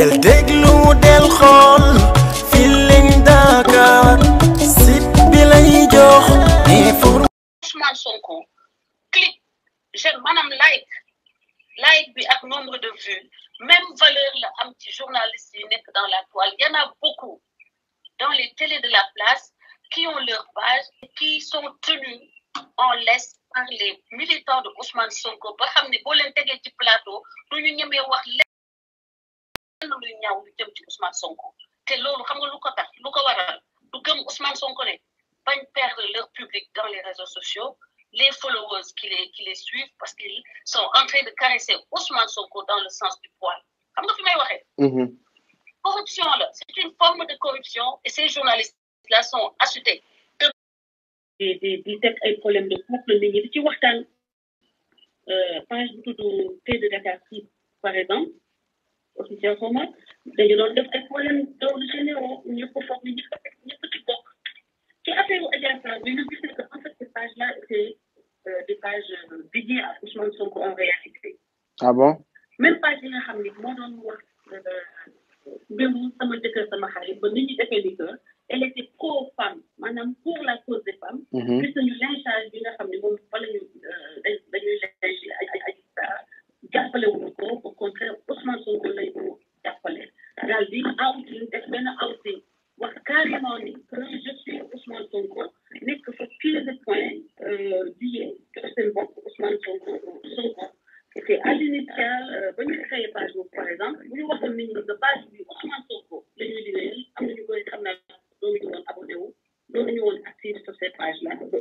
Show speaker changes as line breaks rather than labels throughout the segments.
del déglu del xool Feeling Dakar site bi lay jox information
Ousmane Sonko clic j'aime maanaam like like bi ak nombre de vues même valeur la am ci journalistes yi nekk dans la toile y en a beaucoup dans les télés de la place qui ont leur page qui sont tenus en laisse par les militants de Ousmane Sonko ba xam ne boo leen tegee ci plateau du ñu ñemee lenn luy ñaaw lu jëm ci Ousmane Sonko te loolu xam nga lu ko tax ko waral du gëm Ousmane Sonko ne bañ perdre public dans les réseaux sociaux les followers qui les suivent parce qu'ils sont en train de caresser Ousmane Sonko dans le sens du poil xam nga fi may waxee. Mm-hmm. corruption là c'est une forme de corruption et ces journalistes là sont achutés. di di di teg ay problème de couple nit ñi di ci waxtaan euh, page bu tudd de Dakar par exemple. position xaw ma dañu doon def ay problème loolu généraux ñëpp foog ni ñëpp ñëpp ci bokk ci affaire Adji Sarr bi ñu gis ne que en fait ces pages là étaient euh, des pages euh, dédiées à Ousmane Sonko en réalité. ah bon même page yi nga xam ni moo doon wax démb euh, sama jëkkër sama xarit ba nit ñi defee ni que elle était pro femme maanaam pour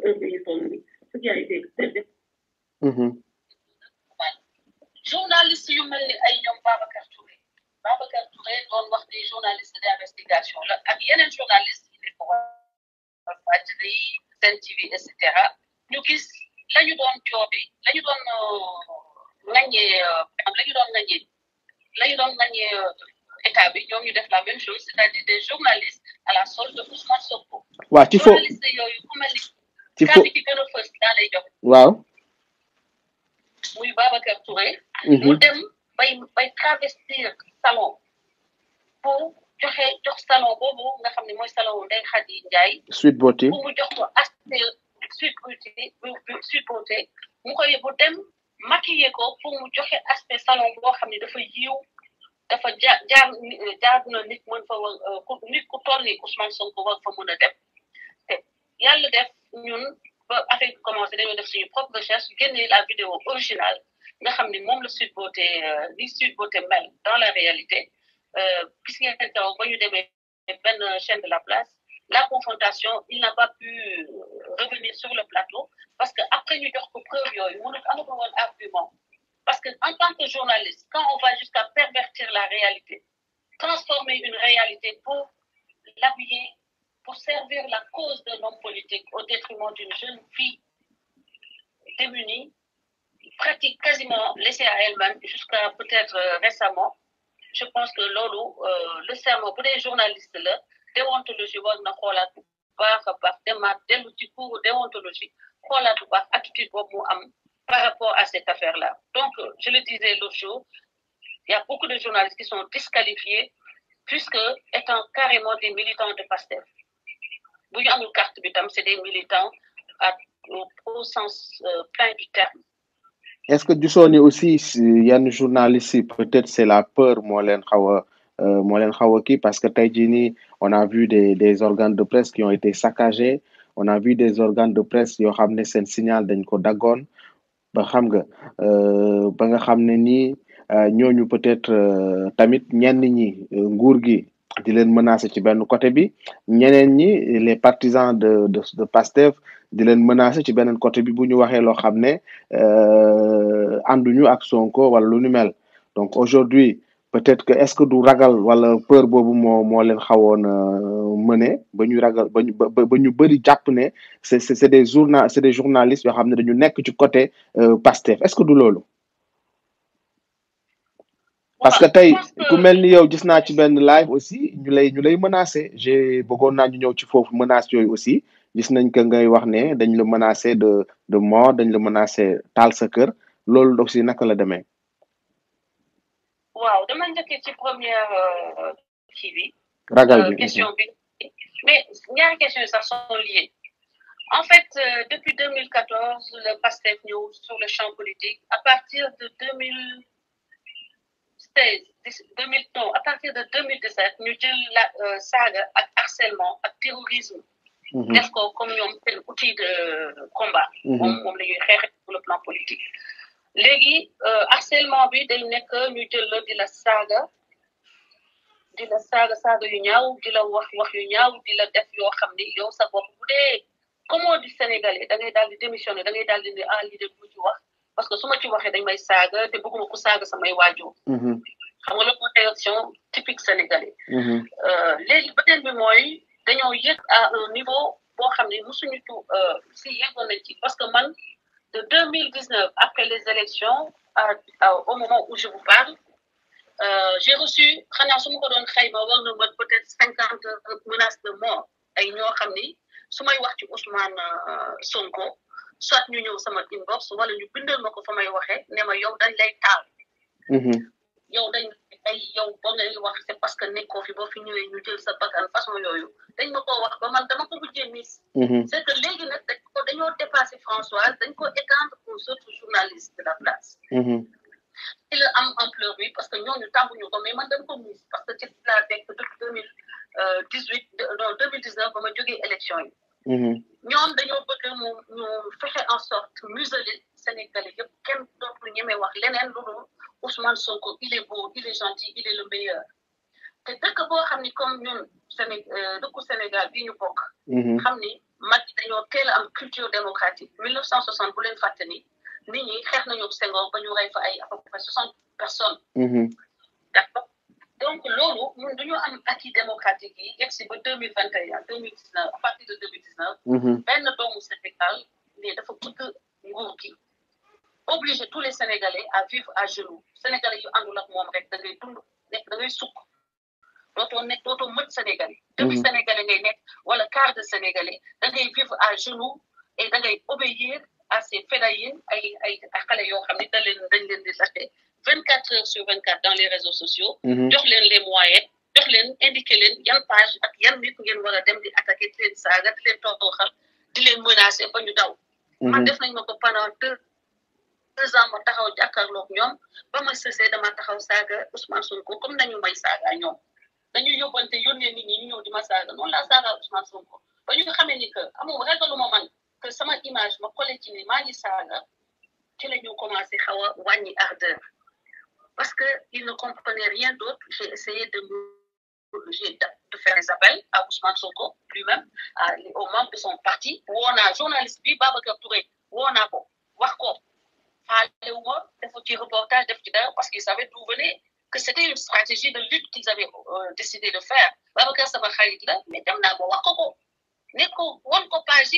informé mm-hmm. ce journaliste yu mel ni ay ñoom Babacar Touré Babacar Touré doon wax ni journaliste d' la ak yeneen journaliste yi nekk wàllu fàttali Sen TV et cetera ñu gis la doon joobi la euh, euh, doon ŋaññee la doon ŋaññee euh, état bi ñoom ñu def la même chose c' à dire des journalistes à la solde de Ousmane Sonko. waaw ci foofu journaliste ci fo kàddu gi gën a fës daa lay jox. waaw. muy Babacar mu dem bay travestir salon pour joxe jox salon boobu nga mu jox ko aspect Sweet Beauté Sweet mu koy bu dem maquiller ko pour mu joxe aspect salon boo xam ne dafa yiw dafa ja jaar jaar na nit fa war nit ku toll nii Ousmane Sonko war fa mën dem yàlla def ñun ba affaire commencé dañoo def suñu propre recherche génne la vidéo originale nga xam ni moom la Sweet Beauté euh, li Sweet Beauté mel dans la réalité euh, gis ngeen taw ba ñu demee benn chaîne de la place la confrontation il n'a pas pu euh, revenir sur le plateau parce que après ñu jox ko preuve yooyu mënut amatu parce que en tant que journaliste quand on va jusqu'à pervertir la réalité transformer une réalité pour l'habiller pour servir la cause d'un homme politique au détriment d'une jeune fille démunie, pratique quasiment laissée à elle-même jusqu'à peut-être euh, récemment. Je pense que loolu euh, le serment bu dee journaliste la déontologie xoolaat bu baax xoolaat bu baax attitude boobu par rapport à cette affaire-là. Donc, je le disais l'autre jour, il y a beaucoup de journalistes qui sont disqualifiés puisque étant carrément des militants de PASTEF. bu ñu amul carte bi tam c'est des militants à au sens euh, plein du terme.
est-ce que gisoon aussi yenn journalistes peut-être c'est la peur moo leen xaw a euh, moo leen xaw a kii parce que tey jii nii on a vu des des organes de presse qui ont été saccagés on vu des organes de presse yoo xam ne seen signal dañ ko daggoon ba xam nga euh, ba nga xam ne nii ñooñu peut-être tamit ñenn ñi nguur gi. di leen menacer ci benn côté bi ñeneen ñi les partisans de de de Pastef di leen menacer ci beneen côté bi bu ñu waxee loo xam ne euh, ànduñu ak Sonko wala lu nu donc aujourd'hui peut-être que est-ce que du ragal wala peur boobu moo moo leen xawoon euh, mëne ba ñu ragal ba ñu ba ñu bëri jàpp ne c'est c'est des journa c'est des journalistes yoo xam ne dañu nekk ci côté euh, Pastef est-ce que du loolu. parce que tey ku mel ni yow gis naa ci benn live aussi ñu lay menacé j'ai bëggoon naa ñu ci foofu menace yooyu aussi gis nañ que ngay wax ne dañ la menacé de de mort dañ la menacé taal sa kër loolu aussi naka la demee.
waaw dama njëkkee ci première euh, kii bi.
ragal euh,
mais ñaari question yi sax sont liées en fait euh, depuis 2014 le PASTEF ñëw sur le champ politique à partir de 2000. 2016 2000 non à partir de 2017 ñu jël la euh, saaga ak harcèlement ak terrorisme. Mhm. def ko comme ñoom seen outil de euh, combat. Mhm. moom moom la ñuy xeexee sur le plan politique. léegi euh, harcèlement bi day nekk ñu jël la di la saaga di la saaga saaga yu ñaaw di la wax wax yu ñaaw di la def yoo xam ni yow sa bopp bu dee comme on dit sénégalais da ngay da ngay daal ne ah lii de bu parce que su ma ci waxee dañ may saaga te bëgguma ku saaga samay waajur. Mhm. xam nga loolu mooy réaction typique sénégalais. Mhm. Euh, léegi bi mooy dañoo yëg à un niveau boo xam ne mosuñu tu euh, si yeggoon nañ ci parce que man de deux mille dix neuf après les élections a au moment où je vous parle euh, j'ai reçu xanaa su ko doon xayma war na mën peut être cinquante menaces de mort ay ñoo xam ni su may wax ci Ousmane Sonko. soit ñu ñëw sama inbox wala ñu bindal ma ko fa may ne ma yow dañ lay taal. Mhm. yow dañ ay yow ba ngay wax c'est parce que nekkoo fi boo fi ñëwee ñu jël sa bakkan façon yooyu dañ ma koo wax ba man dama ko mujjee mis. Mhm. c'est que léegi nag dañ ko dañoo dépassé Françoise dañ ko étendre aux autres journalistes de la place. Mhm. ci la am ampleur bi parce que ñooñu tàmbuñu ko mais man dañ ko mis parce que ci laa nekk depuis deux mille euh, dix huit non deux mille dix neuf ma jógee élection yi. Mm-hmm. ñoom dañoo bëgg mu ñu fexe en sorte museler Sénégalais yëpp kenn dootul ñeme wax leneen lu dul Ousmane Sonko il est beau il est gentil il est le meilleur te dëkk boo xam ni comme ñun Séné euh, dëkku Sénégal bi ñu bokk. Mm-hmm. xam ni mag yi dañoo teel am culture démocratique 1960 bu leen fàtte ni nit ñi xeex nañu Senghor ba ñu rey fa ay à peu près personnes. Mm-hmm. donc loolu ñun dañoo am acquis démocratique yi yegg si ba deux mille vingt et un deux mille dix neuf à partir de deux mille dix neuf mhm. benn doomu Sénégal ne dafa bëgg nguur gi obligé tous les Sénégalais à vivre à genoux Sénégalais yu àndul ak moom rek da ngay dund nekk da ngay sukk dootoo mhm. ngay nekk wala quart de Sénégalais da ngay vivre à genoux et da ngay obéir à ces fedayin ay ay xale yoo xam ne da leen dañ leen di laxe vingt quatre heures sur vingt quatre dans les réseaux sociaux mhm. jox leen les moyens jox leen indiqué leen yan page ak yan nit ngeen war a dem di attaqué di leen saaga di leen tooxal di leen menacé ba ñu daw mhm. man def nañ ma ko pendant deux deux ans ma taxaw jàkkaarloog ñoom ba ma sësee dama taxaw saaga Ousmane Sonko comme nañu may saaga ñoom dañu yóbbante yónnee nit ñi ñu ñëw di ma saaga noonu laa saaga Ousmane Sonko ba ñu xamee ni que amul ragaluma man sama image ma collé ci ni maa ngi saaga ci la ñu commencé xaw a wàññi ardeur parce qu'ils ne comprenaient rien d'autre. J'ai essayé de, faire des appels à Ousmane Soko lui-même, aux membres de son parti, où on a journaliste bi Babacar Touré, où a wax ko, parce qu'ils savaient d'où venait que c'était une stratégie de lutte qu'ils avaient euh, de faire Babacar sama xarit la mais dem naa ko wax ko ko ne ko won ko page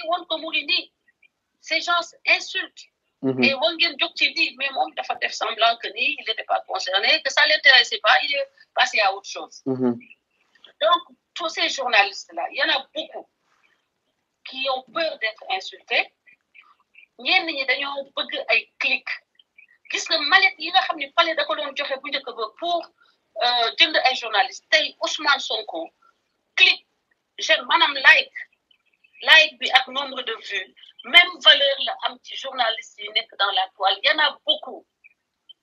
gens insultent Mm-hmm. mais war ngeen jóg mais moom dafa def semblant que ni il n'était pas concerné que ça l'intéressait pas il est passé à autre chose mm-hmm. donc tous ces journalistes là il y en a beaucoup qui ont peur d'être insultés ñenn ñi dañoo bëgg ay clic a nga mallette yi nga xam ne palais da ko doon joxe bu njëkk ba pour euh, jënd ay journaliste tey Ousmane like like bi ak nombre de vues même valeur la am ci journalistes yi nekk dans la toile il y en a beaucoup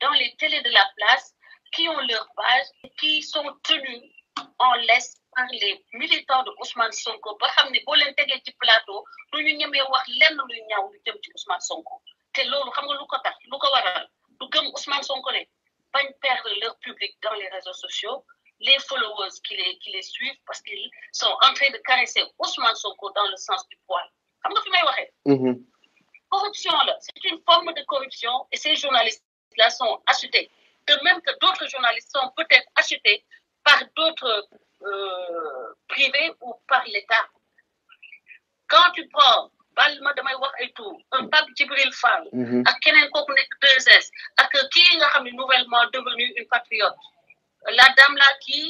dans les télés de la place qui ont leur page qui sont tenus en laisse par les militants de Ousmane Sonko ba xam ne boo leen tegee ci plateau lu ñu ñemee wax lenn luy ñaaw lu jëm ci Ousmane Sonko te loolu xam nga lu ko tax lu ko waral du gëm Ousmane Sonko ne bañ perdre leur public dans les réseaux sociaux les followers qui les les suivent parce qu'ils sont en train de caresser Ousmane Sonko dans le sens du poil xam nga fi may waxee. Mm-hmm. corruption là c'est une forme de corruption et ces journalistes là sont achetés de même que d'autres journalistes sont peut-être achetés par d'autres euh, privés ou par l'État quand tu prends bal ma damay wax ay tur un Pape Djibril Fall mm-hmm. ak keneen kooku nekk 2S ak kii nga xam ne nouvellement devenu une patriote la dame là qui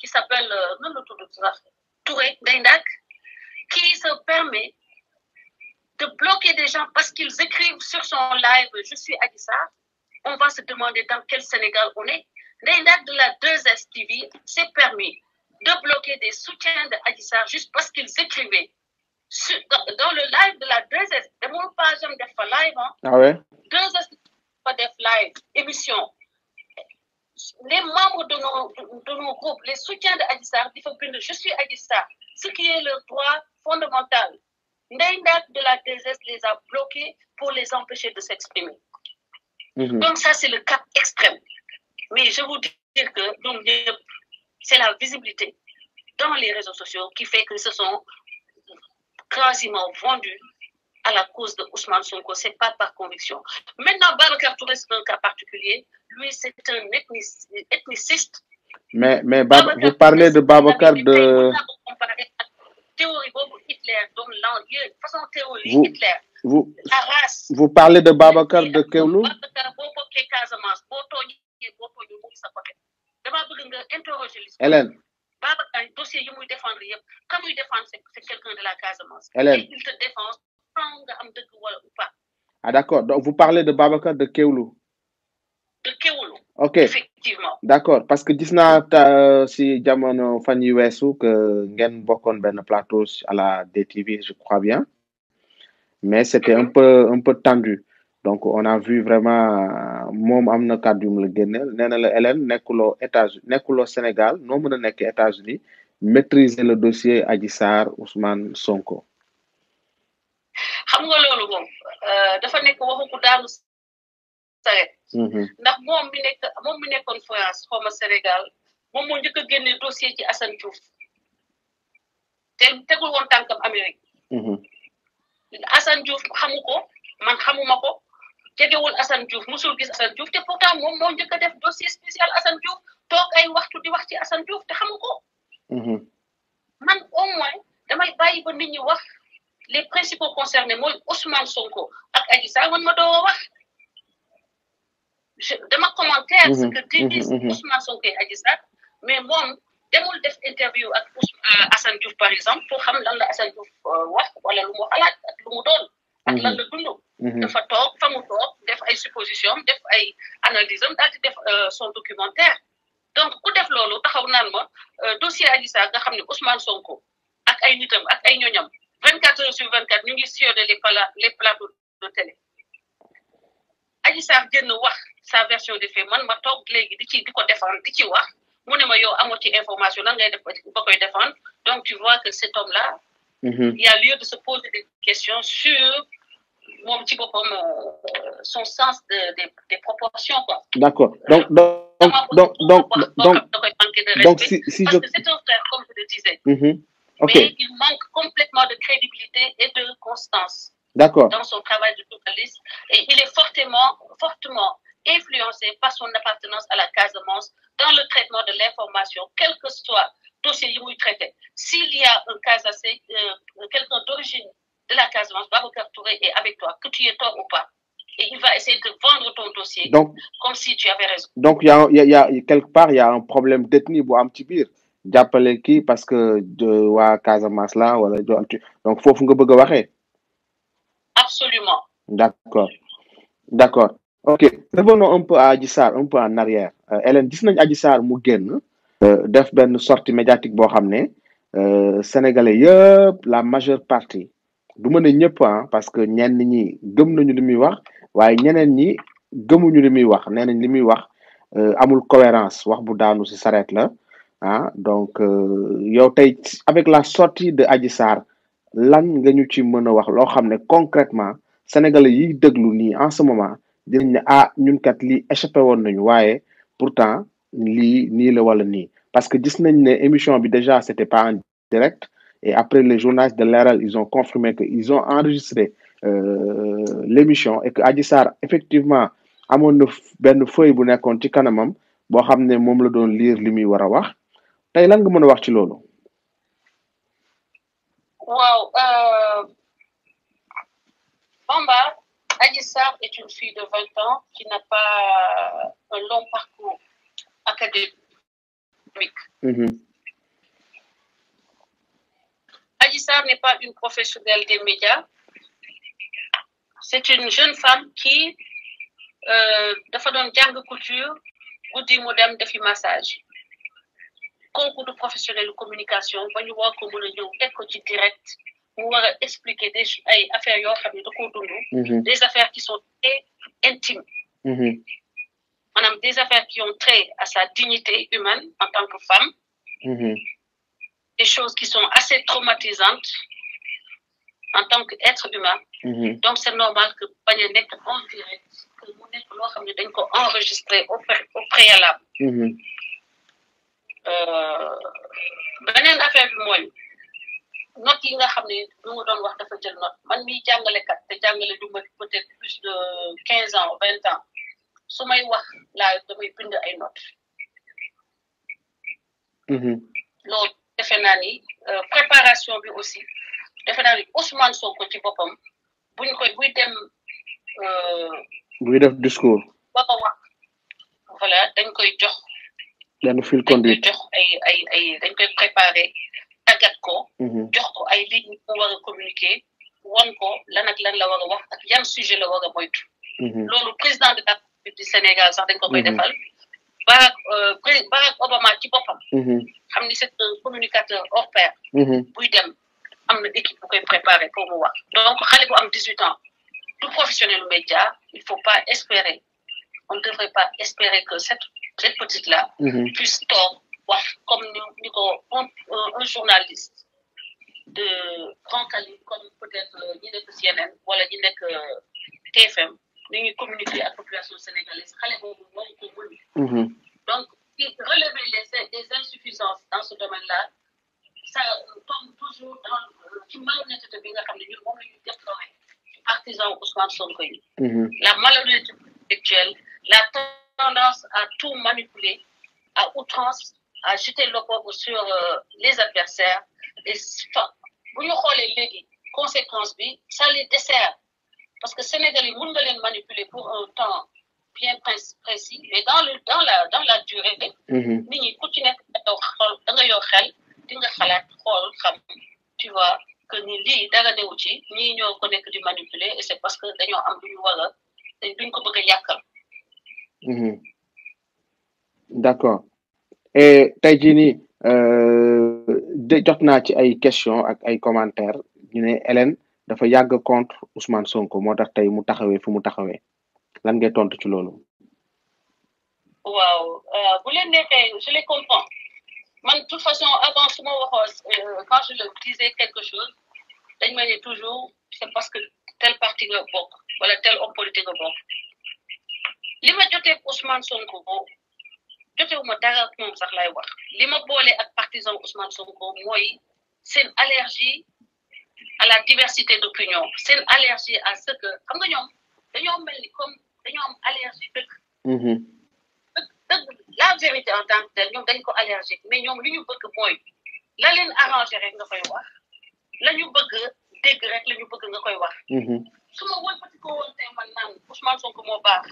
qui s'appelle euh, nan la tudd sax qui se permet de bloquer des gens parce qu'ils écrivent sur son live Je suis Adissa, on va se demander dans quel Sénégal on est. Les de la stv s'est permis de bloquer des soutiens d'Adissa juste parce qu'ils écrivaient dans, le live de la 2 ah émission. Les membres de nos, groupes, les soutiens d'Adissar, ils que je suis Adissar, ce qui est le droit fondamental. Ndendak de la DSS les a bloqués pour les empêcher de s'exprimer. Mhm. Donc ça, c'est le cas extrême. Mais je vous dis que c'est la visibilité dans les réseaux sociaux qui fait que se sont quasiment vendus à la cause de Ousmane Sonko. Ce n'est par conviction. Maintenant, Babacar Touré, un cas particulier. Lui, c'est un ethniciste.
Mais, mais Bab de Babacar de...
Hitler doon lan yooyu façon théorie Hitler.
vous de Babacar de
Hélène. Babacar dossier yi muy défendre yëpp ka muy défendre c'est quelqu'un de la Casamance. Hélène
ah d'accord donc vous parlez de Babacar de Kewlu. teewlu. ok d'accord parce que gis naa euh, si jamono fan yu weesu que ngeen bokkoon benn plateau a la DTV je crois bien mais c'était un mm-hmm. peu un tendu donc on a vu vraiment moom am na kàddu yu mu la génneel nee na la Hélène nekkuloo États-Unis nekkuloo Sénégal noo mën a nekk États-Unis maîtriser le dossier Adji Sarr Sonko. saret mm-hmm.
ndax moom mi nekk moom mi nekkoon France Sénégal moom moo njëkk a génne dossier ci Assane Diouf te tegul woon tànkam Amérique mm-hmm. Assane Diouf xamu ko man xamuma ko jegewul Assane Diouf musul gis Assane Diouf te pourtant moom moo njëkk a def dossier spécial Assane Diouf toog ay waxtu di wax ci Assane Diouf te xamu ko mm-hmm. man au moins damay bàyyi ba nit ñi wax les principaux concernés mooy Ousmane Sonko ak Adji Sarr ma doo wax dama commentaire ce mhm, que di mhm, di mhm. Ousmane Sonko ak Adji mais moom demul def interview ak euh, Assane Diouf par exemple pour xam lan la Assane Diouf euh, wax wala lu mu xalaat ak lu mu doon ak lan la dund dafa toog fa mu def ay supposition def ay analyse am daal di def euh, son documentaire donc ku def loolu taxaw naan ma dossier Adji Sarr nga xam ne Ousmane Sonko ak ay ak ay ñoñam vingt quatre heures sur vingt quatre ñu ngi sillonné les pala les de télé Adji Sarr génn wax sa version de faits man ma toog léegi di ci di ko défendre di ci wax mu ne ma yow amoo ci information lan ngay def ba koy défendre donc tu vois que cet homme là. il y a lieu de se poser des questions sur moom sens des proportions quoi.
donc donc donc donc donc
donc si si je. parce que c'est un frère comme je le
disais.
complètement de crédibilité et de constance. d' accord dans son travail de journaliste et il est fortement fortement. influencés par son appartenance à la Casamance dans le traitement de l'information, quel que soit le dossier qu'il traité. S'il y a un cas assez, euh, euh, quelqu'un d'origine de la Casamance, Babacar Touré est avec toi, que tu aies tort ou pas. Et il va essayer de vendre ton dossier donc, comme si tu avais raison.
Donc, il y kii parce que waa Casamance la wala donc foofu nga bëgg a waxee. absolument. d' accord ok revenons un peu à Adji Sarr un peu en arrière euh, Hélène gis nañ aji Sarr mu génn euh, def benn sortie médiatique boo xam ne euh, sénégalais yëpp la majeure partie du ma ne ñëpp ah parce que ñenn ñi gëm nañu li muy wax waaye ñeneen ñi gëmuñu li muy wax nee nañ li muy wax amul cohérence wax bu daanu ci sareet la ah donc yow tey avec la sortie de Adji Sarr lan nga ci mën a wax loo xam ne concrètement sénégalais yi déglu nii en ce moment dinañ ne ah ñun kat lii échappé woon nañu waaye pourtant lii nii la wala nii parce que gis nañ ne émission bi déjà c'était pas en direct et après les journalistes de Leral ils ont confirmé que ils ont enregistré euh, l'émission et que Adji Sarr effectivement amoon na benn feuille bu nekkoon ci kanamam boo xam ne moom la doon lire li muy war a wax tey lan nga mën a wax ci loolu.
waaw euh, Sarr est une fille de 20 ans qui n'a pas un long parcours académique. Mmh. Agissar n'est pas une professionnelle des médias. C'est une jeune femme qui euh, dafa doon jàng couture guddi mu dem defi massage concours de professionnel de communication ba ñu war ko mën a ñëw teg ko ci direct mu war a expliquer des affaires yoo xam ne da koo mhm. des affaires qui sont très intimes. Mhm. maanaam des affaires qui ont trait à sa dignité humaine en tant que femme. Mhm. des choses qui sont assez traumatisantes en tant qu'être humain. donc c'est normal que bañ a nekk en direct que mu nekk loo euh, affaire bi mooy. note yi nga xam ne lu mu doon wax dafa jël note man miy jàngalekat te jàngale du ma peut-être plus de quinze ans su may wax laa damay bind ay note mm-hmm. loolu defe naa ni euh, préparation bi aussi defe naa ni Ousmane Sonko ci boppam buñ koy buy dem. Euh,
buy def discours.
ba wax voilà dañ koy jox.
dañ koy jox
ay ay ay dañ koy préparer. tàggat ko mhm. jox ko ay ligne ñu ko war a won ko lan ak lan la war a wax ak yan sujet la war a moytu mhm. loolu président de la République du koy mhm. defal euh, Barack Obama ci boppam xam ni c'est communicateur hors pair buy dem am na équipe bu koy préparer pour mu wax donc xale bu am dix huit ans du professionnel média il faut pas espérer on devrait pas espérer que cette petite là puisse tort wax comme ni ni ko un un journaliste de grand calibre comme peut-être euh, ñi nekk CNN wala ñi nekk euh, TFM ni ñuy communiquer population sénégalaise xale boobu moo mhm. donc relever les des insuffisances dans ce domaine-là ça toujours dans ci malhonnêteté bi nga xam ne déplorer ci partisan Ousmane Sonko yi. Mhm. la malhonnêteté intellectuelle la tendance à tout manipuler à outrance. à jeter le pauvre sur euh, les adversaires bu ñu xoolee léegi conséquence bi ça les dessert parce que Sénégal yi mun nga leen manipuler pour un temps bien précis mais dans la dans la durée. Mhm. nit ñi ku ci nekk da xool da nga xel di nga xalaat xool xam tu vois que ni lii dara newu ci ñii ñoo ko nekk di manipuler et c'est parce que dañoo am lu ñu war a duñ ko bëgg a
mhm. d'accord. tey jii nii euh, de jot naa ci ay question ak ay commentaires ñu ne Hélène dafa yàgg contre Ousmane Sonko moo tax tey mu taxawe fu mu taxawee lan ngay tontu ci loolu.
waaw euh, bu leen neexee je les comprends man toute façon avant su ma waxoon euh, quand je quelque chose dañ ma toujours c'est parce que tel parti nga bokk wala tel homme politique nga bokk li ma jotee Ousmane jotewuma dara ak moom sax lay wax li ma boole ak partisan Ousmane Sonko mooy seen allergie à la diversité d'opinion seen allergie à ce que xam nga ñoom dañoo mel ni comme dañoo am allergie dëgg mhm. dëgg la vérité en tant que ñoom dañ ko allergique mais ñoom li ñu bëgg mooy la leen arrangé rek nga koy wax la ñu bëgg dégg rek la ñu bëgg nga koy wax mhm. su ma wëlbati ko moo baax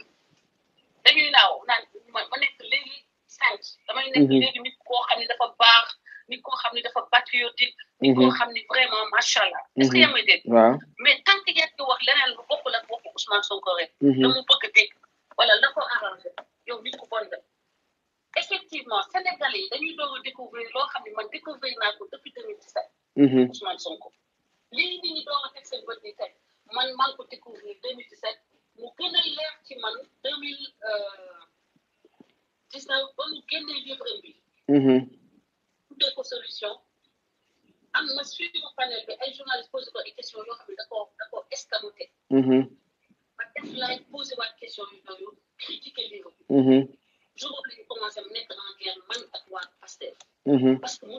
sant damay nekk mhm. léegi nit koo xam ne dafa baax nit koo xam ne dafa patriotique nit koo mhm. xam ne vraiment macha allah. est-ce que mhm. yaa may dégg waaw mais tant que yaa ngi wax leneen lu bokkul ak bokk Ousmane Sonko rek la mu bëgg dégg wala la ko arrangé yow nit ku bon la effectivement Sénégalais yi dañuy doog a découvrir loo xam ne man découvrir naa ko depuis 2017 Ousmane Sonko lii nit ñi doog a teg seen bët ni tey man maa ngi ko découvrir Mm-hmm. tuddee ko solution am na suivre panel bi ay journaliste posé ko ay question yoo xam ne da koo da koo escamoté mm-hmm. ma def laay posé waat question yooyu
critiqué livre mm-hmm. jour boobu la ñu commencé mu nekk en guerre man ak waa Pastef parce que